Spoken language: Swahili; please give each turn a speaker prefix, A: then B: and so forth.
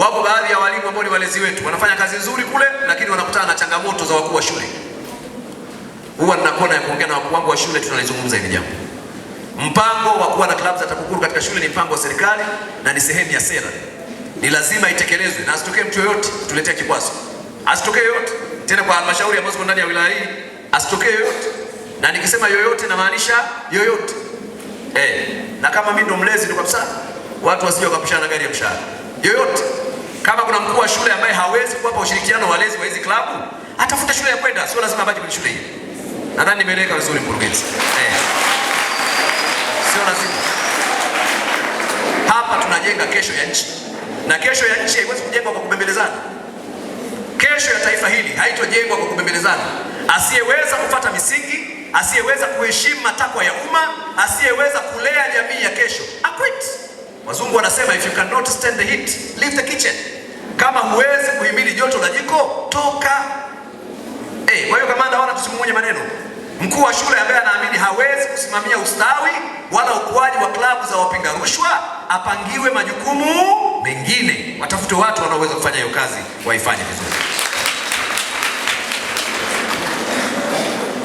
A: Wapo baadhi ya walimu ambao ni walezi wetu wanafanya kazi nzuri kule, lakini wanakutana na changamoto za wakuu wa shule. Huwa ninakuwa ya kuongea na wakuu wangu wa shule, tunalizungumza hili jambo. Mpango wa kuwa na klabu za TAKUKURU katika shule ni mpango wa serikali na ni sehemu ya sera, ni lazima itekelezwe na asitokee mtu yoyote tuletea kikwazo, asitokee yoyote tena kwa halmashauri ambazo ziko ndani ya wilaya hii, asitokee yoyote. Na nikisema yoyote namaanisha yoyote eh, na kama mimi ndo mlezi ndo kabisa, watu wasije wakapishana gari ya mshahara yoyote kama kuna mkuu wa shule ambaye hawezi kuwapa ushirikiano walezi wa hizi klabu, atafuta shule ya kwenda, sio lazima abaki kwenye shule hiyo. Nadhani nimeeleka vizuri mkurugenzi. Eh. Sio lazima. Hapa tunajenga kesho ya nchi. Na kesho ya nchi haiwezi kujengwa kwa kubembelezana. Kesho ya taifa hili haitojengwa kwa kubembelezana. Asiyeweza kufata misingi, asiyeweza kuheshimu matakwa ya umma, asiyeweza Wazungu wanasema if you cannot stand the heat, leave the kitchen. Kama huwezi kuhimili joto la jiko toka. Eh, kwa hiyo kamanda wana tusimuonye maneno. Mkuu wa shule ambaye anaamini hawezi kusimamia ustawi wala ukuaji wa klabu za wapinga rushwa apangiwe majukumu mengine. Watafute watu wanaoweza kufanya hiyo kazi waifanye vizuri.